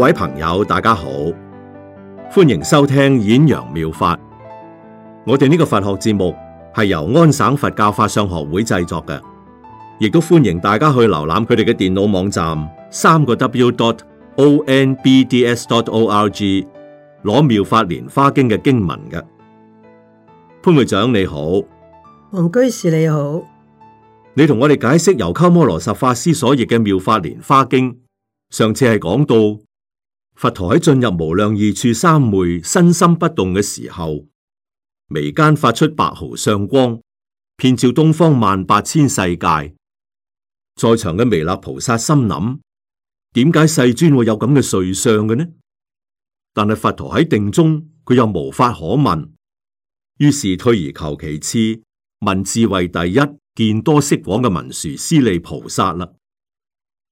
各位朋友，大家好，歡迎收聽演揚妙，妙法。我哋呢個佛學節目係由安省佛教法相學會製作嘅，亦都歡迎大家去瀏覽佢哋嘅電腦網站，三個 w dot o n b d s dot o r g 攞妙法蓮花經嘅經文嘅。潘會長你好，黃居士你好，你同我哋解釋由鳩摩羅什法師所譯嘅妙法蓮花經，上次係講到。佛陀喺進入無量義處三昧，身心不動嘅時候，眉間發出白毫相光，遍照東方萬八千世界。在場嘅彌勒菩薩心諗：點解世尊會有咁嘅瑞相嘅呢？但係佛陀喺定中，佢又無法可問，於是退而求其次，問智慧第一、見多識廣嘅文殊師利菩薩啦。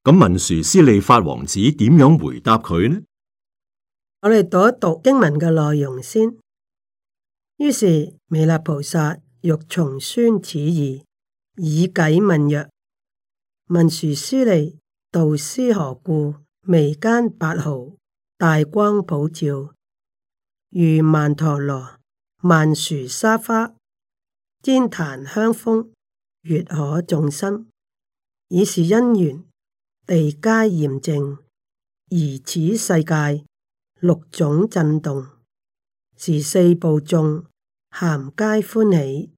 咁文殊師利法王子點樣回答佢呢？我哋讀一讀英文嘅內容先。於是彌勒菩薩欲重宣此意，以偈問曰：文殊師利，道師何故眉間八毫，大光普照，如曼陀羅，曼殊沙花，煎檀香風，月可眾生。已是因緣地皆嚴淨，而此世界。六種震動，是四部眾咸皆歡喜，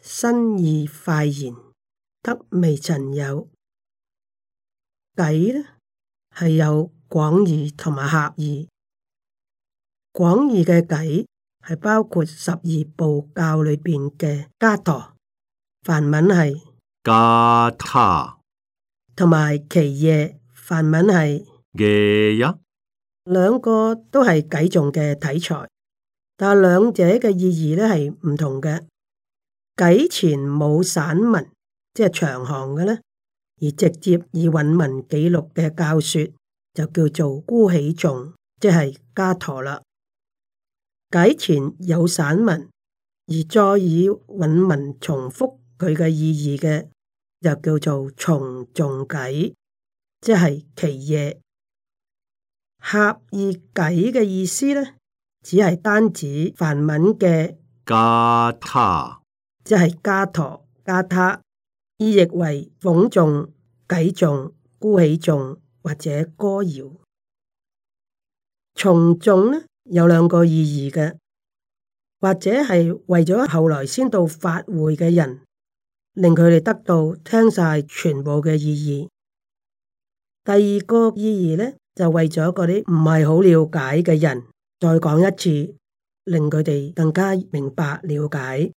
心意快然，得未曾有。偈咧係有廣義同埋狹義，廣義嘅偈係包括十二部教裏邊嘅加陀，梵文係加陀他，同埋其夜，梵文係夜一。兩個都係偈頌嘅題材，但係兩者嘅意義咧係唔同嘅。偈前冇散文，即係長行嘅呢；而直接以韻文記錄嘅教說就叫做孤起頌，即係伽陀啦。偈前有散文，而再以韻文重複佢嘅意義嘅，就叫做重頌偈，即係祇夜。狹義偈嘅意思咧，只係單指梵文嘅加他，即係加陀加他，意譯為諷誦偈頌、孤起頌或者歌謠。重頌呢有兩個意義嘅，或者係為咗後來先到法會嘅人，令佢哋得到聽晒全部嘅意義。第二個意義呢？就為咗嗰啲唔係好了解嘅人，再講一次，令佢哋更加明白了解。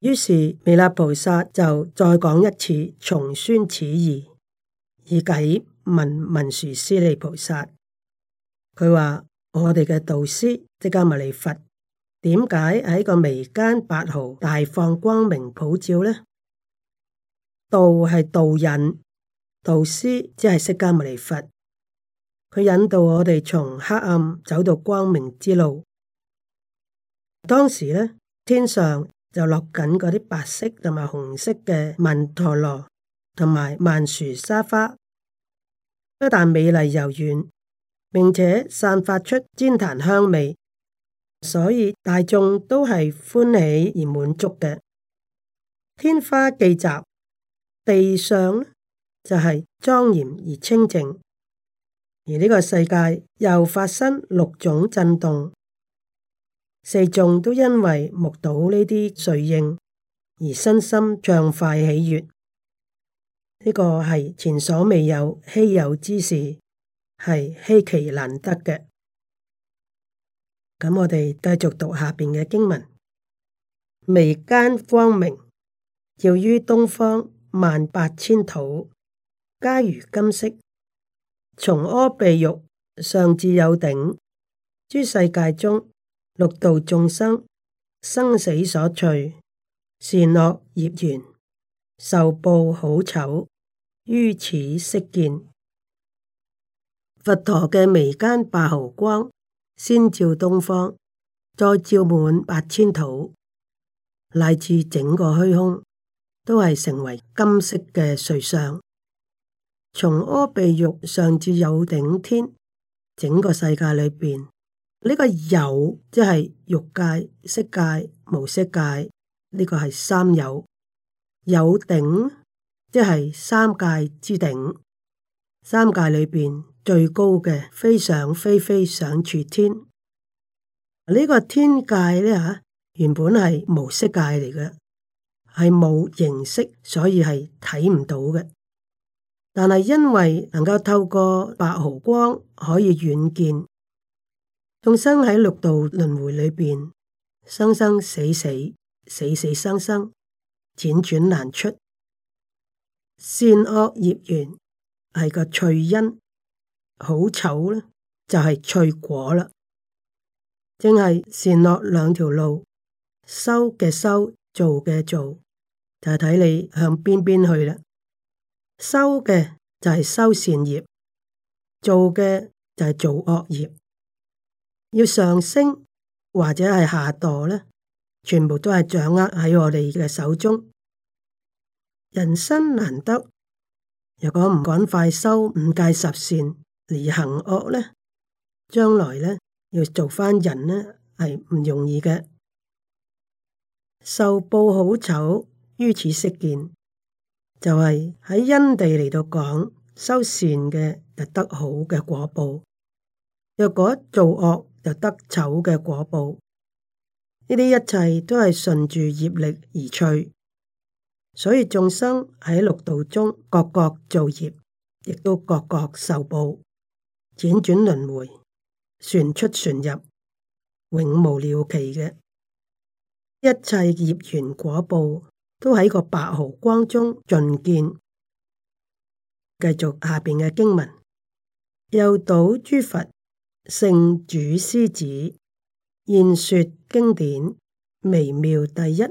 於是彌勒菩薩就再講一次，重宣此義，而偈問文，文殊師利菩薩，佢話我哋嘅導師釋迦牟尼佛，點解喺個眉間白毫大放光明普照呢？導係導人，導師即係釋迦牟尼佛。佢引導我哋從黑暗走到光明之路。當時咧，天上就落緊嗰啲白色同埋紅色嘅曼陀羅同埋曼殊沙花，不但美麗柔軟，並且散發出旃檀香味，所以大眾都係歡喜而滿足嘅。天花既雜，地上就係莊嚴而清淨。而呢個世界又發生六種震動，四眾都因為目睹呢啲瑞應而身心暢快喜悦。呢、這個係前所未有、稀有之事，係稀奇難得嘅。咁我哋繼續讀下邊嘅經文：眉間光明，照于東方萬八千土，皆如金色。從阿鼻獄上至有頂，諸世界中，六道眾生，生死所趣，善惡業緣，受報好醜，於此悉見佛陀嘅眉間白毫光，先照東方，再照滿八千土，乃至整個虛空，都係成為金色嘅瑞相。從阿鼻獄上至有頂天，整個世界裏邊呢個有即係欲界、色界、無色界，呢、這個係三有。有頂即係三界之頂，三界裏邊最高嘅，非想非非想處天。呢、這個天界呢吓，原本係無色界嚟嘅，係冇形式，所以係睇唔到嘅。但係因為能夠透過白毫光可以遠見，眾生喺六道輪回裏邊生生死死、死死生生，輾轉難出。善惡業緣係個趣因，好醜咧就係、是、趣果啦，正係善惡兩條路，修嘅，修，做嘅，做，就睇、是、你向邊邊去啦。修嘅就係修善業，做嘅就係做惡業。要上升或者係下墮咧，全部都係掌握喺我哋嘅手中。人生難得，如果唔趕快修五戒十善而行惡咧，將來咧要做翻人咧係唔容易嘅。受報好醜，於此識見。就係喺因地嚟到講，修善嘅就得好嘅果報；若果做惡，就得醜嘅果報。呢啲一切都係順住業力而趨，所以眾生喺六道中，各各造業，亦都各各受報，輾轉輪迴，旋出旋入，永無了期嘅一切業緣果報。都喺個白毫光中盡見，繼續下邊嘅經文，又睹諸佛聖主師子，現說經典微妙第一，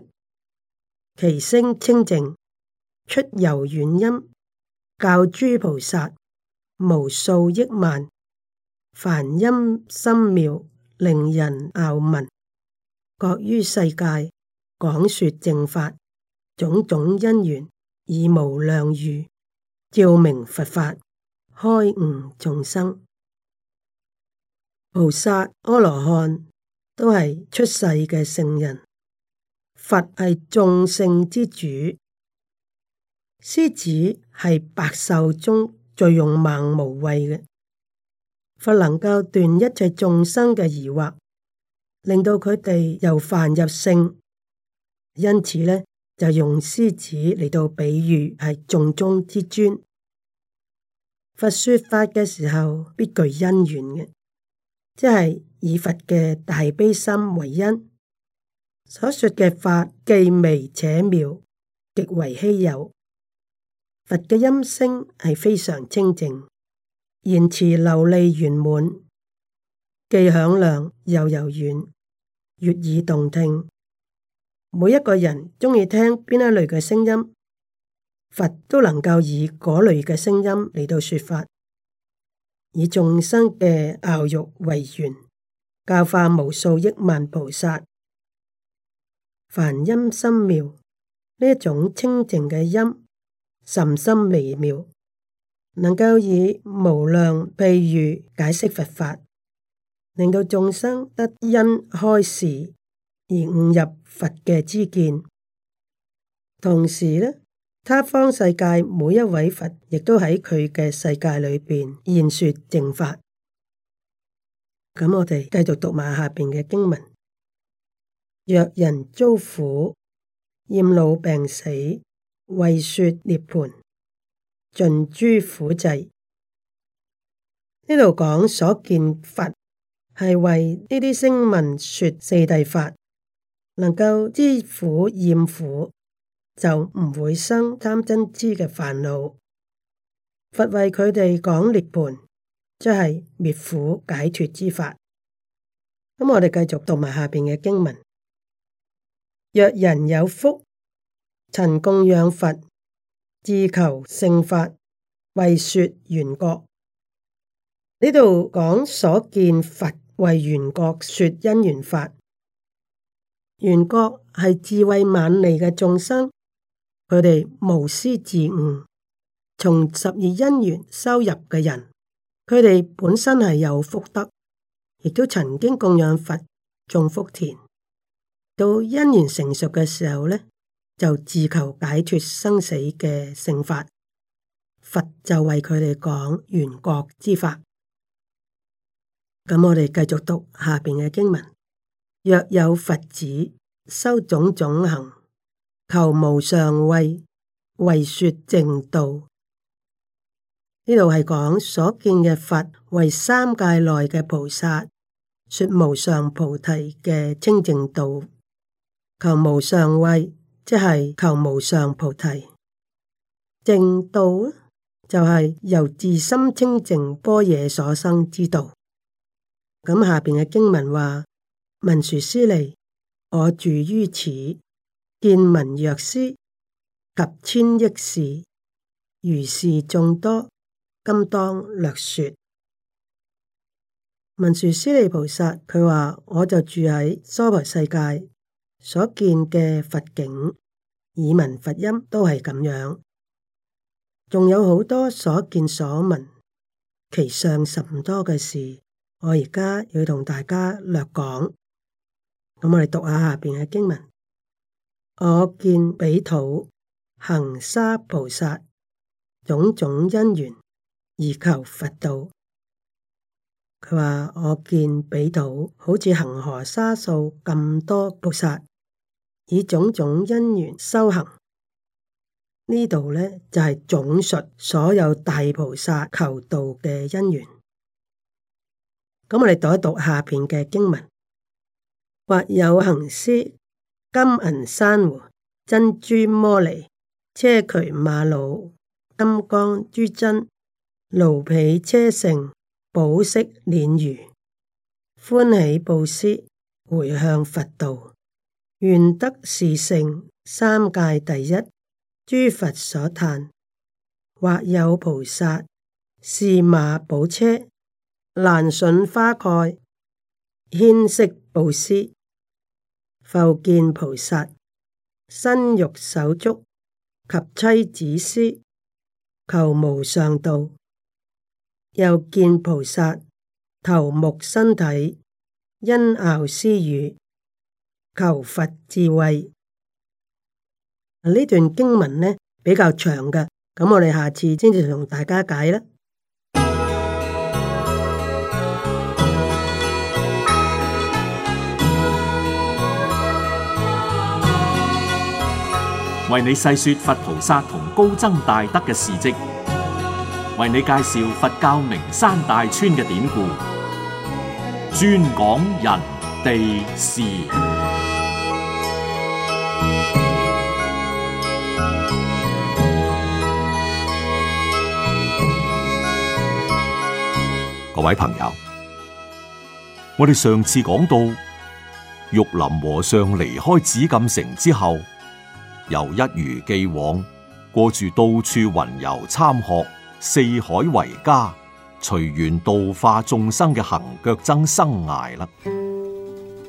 其聲清靜，出由遠音，教諸菩薩無數億萬，梵音深妙，令人奧聞，各於世界講說正法。種種因緣以無量喻，照明佛法，開悟眾生。菩薩、阿羅漢都係出世嘅聖人，佛係眾聖之主。獅子係百獸中最勇猛無畏嘅，佛能夠斷一切眾生嘅疑惑，令到佢哋由凡入聖，因此呢。就用獅子嚟到比喻，係眾中之尊。佛說法嘅時候必具因緣嘅，即係以佛嘅大悲心為因，所說嘅法既微且妙，極為稀有。佛嘅音聲係非常清淨，言辭流利圓滿，既響亮又柔軟，悦耳動聽。每一個人鍾意聽邊一類嘅聲音，佛都能夠以嗰類嘅聲音嚟到說法，以眾生嘅愛欲為緣，教化無數億萬菩薩。梵音深妙，呢一種清淨嘅音，甚深微妙，能夠以無量譬喻解釋佛法，令到眾生得因開示。而悟入佛嘅知見，同時呢，他方世界每一位佛亦都喺佢嘅世界裏邊現說正法。咁我哋繼續讀埋下邊嘅經文：若人遭苦、厭老病死、為說涅槃，盡諸苦際。呢度講所見佛係為呢啲聲聞說四諦法。能夠知苦厭苦，就唔會生貪嗔痴嘅煩惱。佛為佢哋講涅盤，即係滅苦解脱之法。咁我哋繼續讀埋下邊嘅經文：若人有福，曾供養佛，志求勝法，為說緣覺。呢度講所見佛為緣覺說因緣法。緣覺係智慧猛利嘅眾生，佢哋無私自悟，從十二因緣修入嘅人，佢哋本身係有福德，亦都曾經供養佛種福田，到因緣成熟嘅時候咧，就自求解脫生死嘅聖法，佛就為佢哋講緣覺之法。咁我哋繼續讀下邊嘅經文。若有佛子修種種行，求無上位為說正道。呢度係講所見嘅佛為三界內嘅菩薩說無上菩提嘅清淨道，求無上位，即係求無上菩提正道就係由自心清淨般若所生之道。咁下邊嘅經文話。文殊師利，我住於此，見聞若斯及千億事，如是眾多，今當略說。文殊師利菩薩，佢話我就住喺娑婆世界，所見嘅佛境，以聞佛音都係咁樣，仲有好多所見所聞，其上甚多嘅事，我而家要同大家略講。咁我哋讀下下邊嘅經文。我見彼土行沙菩薩種種因緣而求佛道。佢話我見彼土好似恒河沙數咁多菩薩以種種因緣修行。呢度咧就係、是、總述所有大菩薩求道嘅因緣。咁我哋讀一讀下邊嘅經文。或有行施金銀珊瑚珍珠摩尼硨磲瑪瑙、金剛珠珍，奴婢車乘，寶飾，輦輿，歡喜布施，回向佛道，願得是乘，三界第一，諸佛所嘆。或有菩薩駟馬，寶車，欄楯，花蓋軒飾，布施。復見菩薩身肉手足及妻子施求無上道，又見菩薩頭目身體因拗施與求佛智慧。呢段經文呢，比較長㗎，咁我哋下次先至同大家解啦。為你細說佛菩薩同高僧大德嘅事跡，為你介紹佛教名山大川嘅典故，專講人地事。各位朋友，我哋上次講到玉林和尚離開紫禁城之後。又一如既往過住到處雲遊參學，四海為家，隨緣度化眾生嘅行腳僧生涯啦。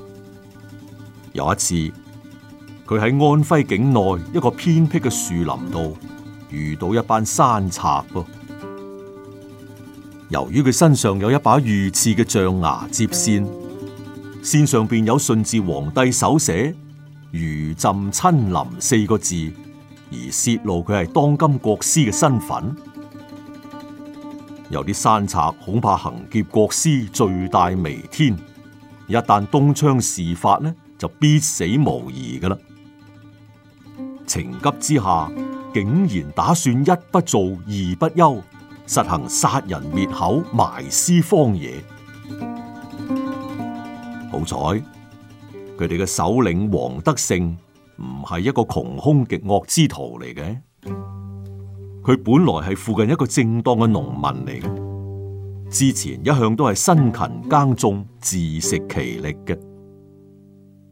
有一次，佢喺安徽境內一個偏僻嘅樹林度遇到一班山賊噃。由於佢身上有一把御賜嘅象牙折扇，扇上邊有順治皇帝手寫。如朕親臨四個字，而泄露佢係當今國師嘅身份，有啲山賊恐怕行劫國師罪大彌天，一旦東窗事發呢，就必死無疑㗎喇。情急之下，竟然打算一不做二不休，實行殺人滅口、埋屍荒野。好彩。佢哋嘅首領王德勝唔係一個窮凶極惡之徒嚟嘅，佢本來係附近一個正當嘅農民嚟嘅，之前一向都係辛勤耕種，自食其力嘅，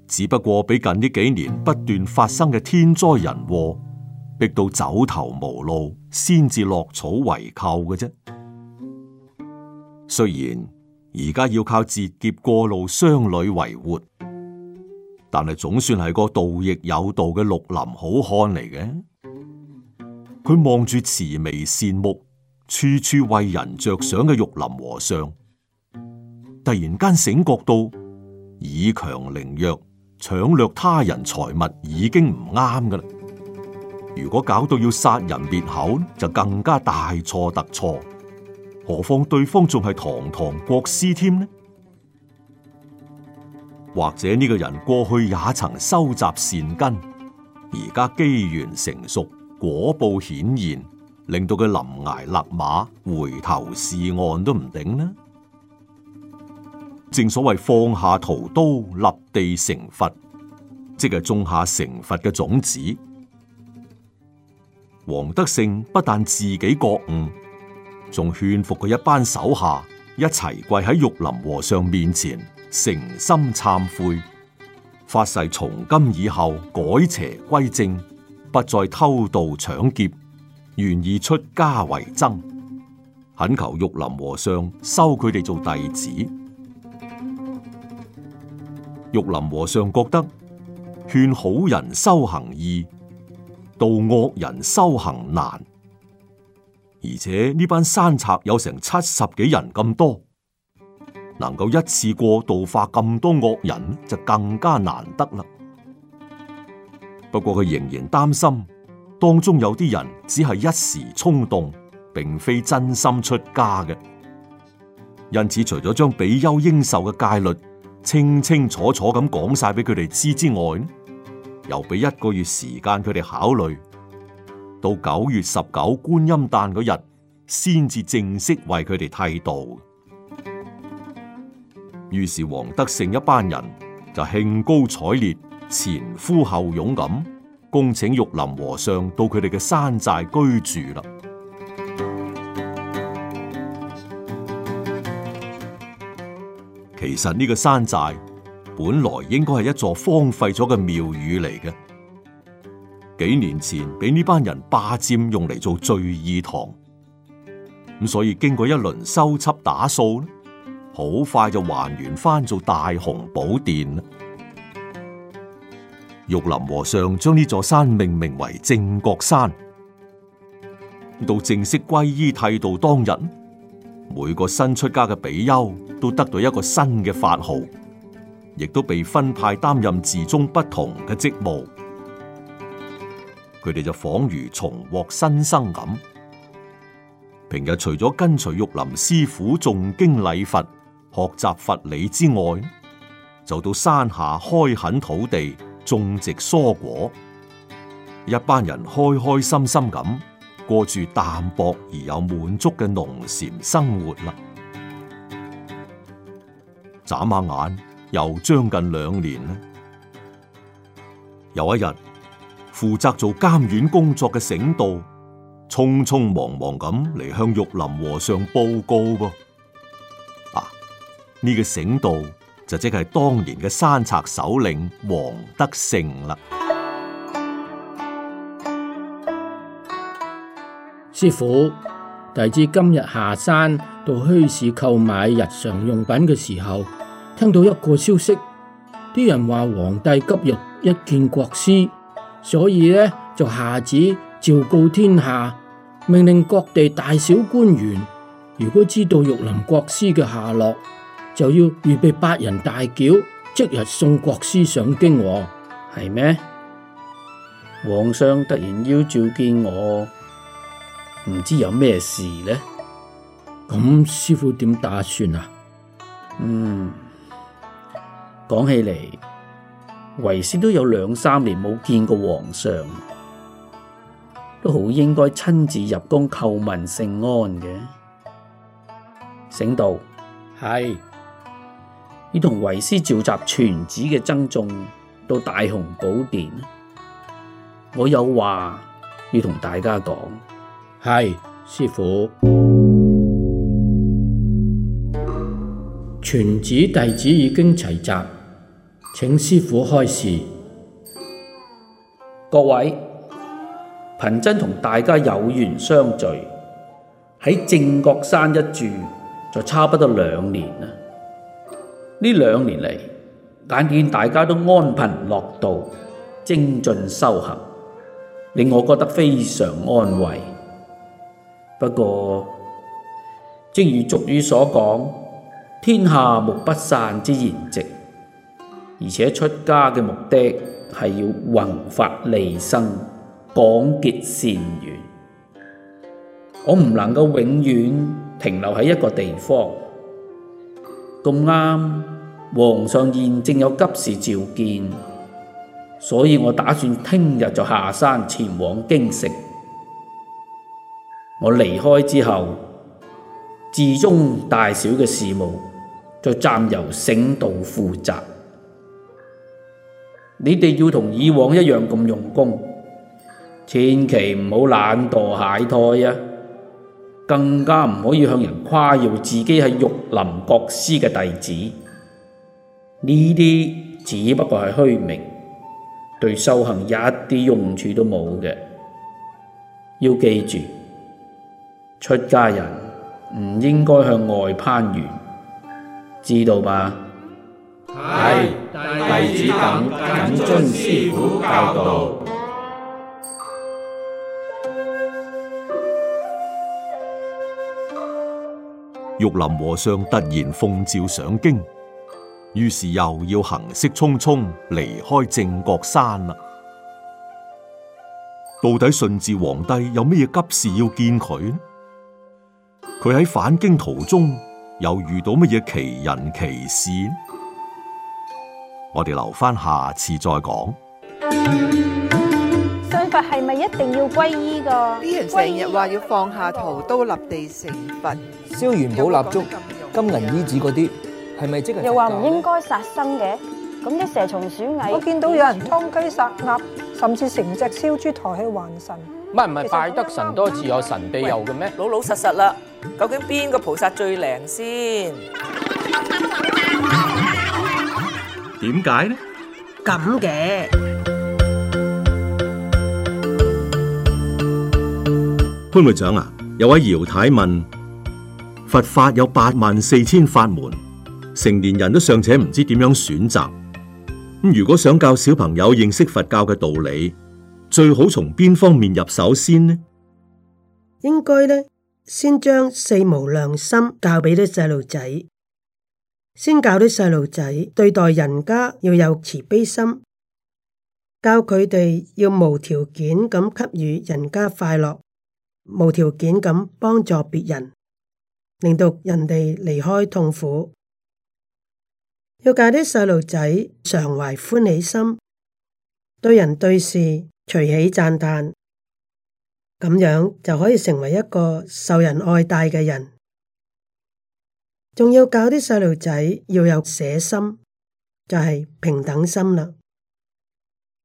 只不過俾近呢幾年不斷發生嘅天災人禍，逼到走投無路，先至落草為寇嘅啫。雖然而家要靠截劫過路商旅為活。但係總算係個盜亦有道嘅綠林好漢嚟嘅，佢望住慈眉善目、處處為人着想嘅玉林和尚，突然間醒覺到以強凌弱、搶掠他人財物已經唔啱㗎喇，如果搞到要殺人滅口，就更加大錯特錯，何況對方仲係堂堂國師添呢？或者呢個人過去也曾收集善根，而家機緣成熟，果報顯然，令到佢臨崖勒馬，回頭是岸都唔定呢？正所謂放下屠刀，立地成佛，即係種下成佛嘅種子。王德勝不但自己覺悟，仲勸服佢一班手下一齊跪喺玉林和尚面前。誠心懺悔，發誓從今以後改邪歸正，不再偷盜搶劫，願意出家為僧，懇求玉林和尚收佢哋做弟子。玉林和尚覺得勸好人修行易，度惡人修行難，而且呢班山賊有成七十幾人咁多。能夠一次過度化咁多惡人就更加難得啦。不過佢仍然擔心當中有啲人只係一時衝動，並非真心出家嘅。因此，除咗將比丘應受嘅戒律清清楚楚咁講晒俾佢哋知之外，又俾一個月時間佢哋考慮，到九月十九觀音誕嗰日，先至正式為佢哋剃度。於是黃德勝一班人就興高采烈、前呼後擁咁，恭請玉林和尚到佢哋嘅山寨居住啦。其實呢個山寨本來應該係一座荒廢咗嘅廟宇嚟嘅，幾年前俾呢班人霸占用嚟做聚義堂，咁所以經過一輪修葺打掃。好快就還原翻做大雄寶殿。玉林和尚將呢座山命名為正覺山。到正式皈依剃度當日，每個新出家嘅比丘都得到一個新嘅法號，亦都被分派擔任寺中不同嘅職務。佢哋就恍如重獲新生咁。平日除咗跟隨玉林師父誦經禮佛，學習佛理之外，就到山下開墾土地，種植蔬果。一班人開開心心咁過住淡薄而又滿足嘅農禪生活啦。眨下眼，又將近兩年啦。有一日，負責做監院工作嘅醒道，匆匆忙忙咁嚟向玉林和尚報告噃。呢個醒道就即係當年嘅山賊首領王德成啦。師父，弟子今日下山到墟市購買日常用品嘅時候，聽到一個消息，啲人話皇帝急欲一見國師，所以呢，就下旨詔告天下，命令各地大小官員，如果知道玉林國師嘅下落，就要預備八人大轎，即日送國師上京。係咩？皇上突然要召見我，唔知有咩事呢？咁師傅點打算啊？嗯，講起嚟，為師都有兩三年冇見過皇上，都好應該親自入宮叩問聖安嘅。醒道，係。要同為師召集全寺嘅僧眾到大雄寶殿。我有話要同大家講。係師父，全寺弟子已經齊集，請師父開示。各位，貧僧同大家有緣相聚喺正覺山一住，就差不多兩年啦。呢兩年嚟，眼見大家都安貧樂道、精進修行，令我覺得非常安慰。不過，正如俗語所講，天下無不散之筵席，而且出家嘅目的係要弘法利生、廣結善緣，我唔能夠永遠停留喺一個地方。咁啱，皇上現正有急事召見，所以我打算聽日就下山前往京城。我離開之後，寺中大小嘅事務就暫由省道負責。你哋要同以往一樣咁用功，千祈唔好懶惰懈怠啊！更加唔可以向人誇耀自己係玉林國師嘅弟子，呢啲只不過係虛名，對修行一啲用處都冇嘅。要記住，出家人唔應該向外攀緣，知道吧？係，弟子等謹遵師父教導。.玉林和尚突然奉詔上京，於是又要行色匆匆離開正國山啦。到底順治皇帝有咩嘢急事要見佢呢？佢喺返京途中又遇到乜嘢奇人奇事？我哋留翻下，下次再講。佛係咪一定要皈依噶？啲人成日話要放下屠刀立地成佛，燒元寶蠟燭、金銀衣紙嗰啲，係咪即係？又話唔應該殺生嘅，咁啲蛇蟲鼠蟻，我見到有人劏雞殺鴨，甚至成隻燒豬抬去還神。唔係唔係，拜得神多自有神庇佑嘅咩？老老實實啦，究竟邊個菩薩最靈先？點解呢？咁嘅。區會長啊，有位姚太問：佛法有八萬四千法門，成年人都尚且唔知點樣選擇。咁如果想教小朋友認識佛教嘅道理，最好從邊方面入手先呢？應該呢，先將四無量心教俾啲細路仔，先教啲細路仔對待人家要有慈悲心，教佢哋要無條件咁給予人家快樂。無條件咁幫助別人，令到人哋離開痛苦。要教啲細路仔常懷歡喜心，對人對事隨喜讚嘆，咁樣就可以成為一個受人愛戴嘅人。仲要教啲細路仔要有捨心，就係平等心啦。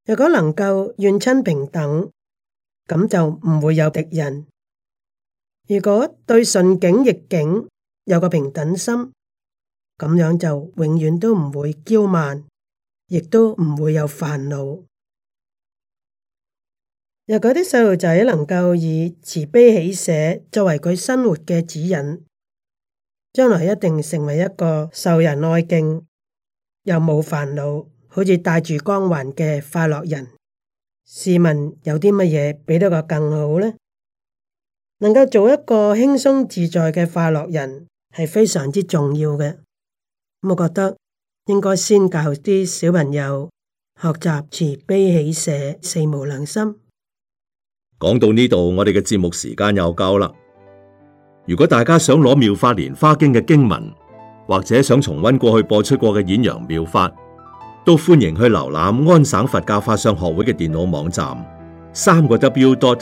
如果能夠怨親平等，咁就唔會有敵人。如果對順境逆境有個平等心，咁樣就永遠都唔會驕慢，亦都唔會有煩惱。如果啲細路仔能夠以慈悲喜捨作為佢生活嘅指引，將來一定成為一個受人愛敬又冇煩惱，好似帶住光環嘅快樂人。試問有啲乜嘢比得個更好呢？能夠做一個輕鬆自在嘅快樂人，係非常之重要嘅。我覺得應該先教啲小朋友學習慈悲喜捨四無量心。講到呢度，我哋嘅節目時間又夠啦。如果大家想攞《妙法蓮華經》嘅經文，或者想重溫過去播出過嘅演揚妙法，都歡迎去瀏覽安省佛教法相學會嘅電腦網站，三個 W dot。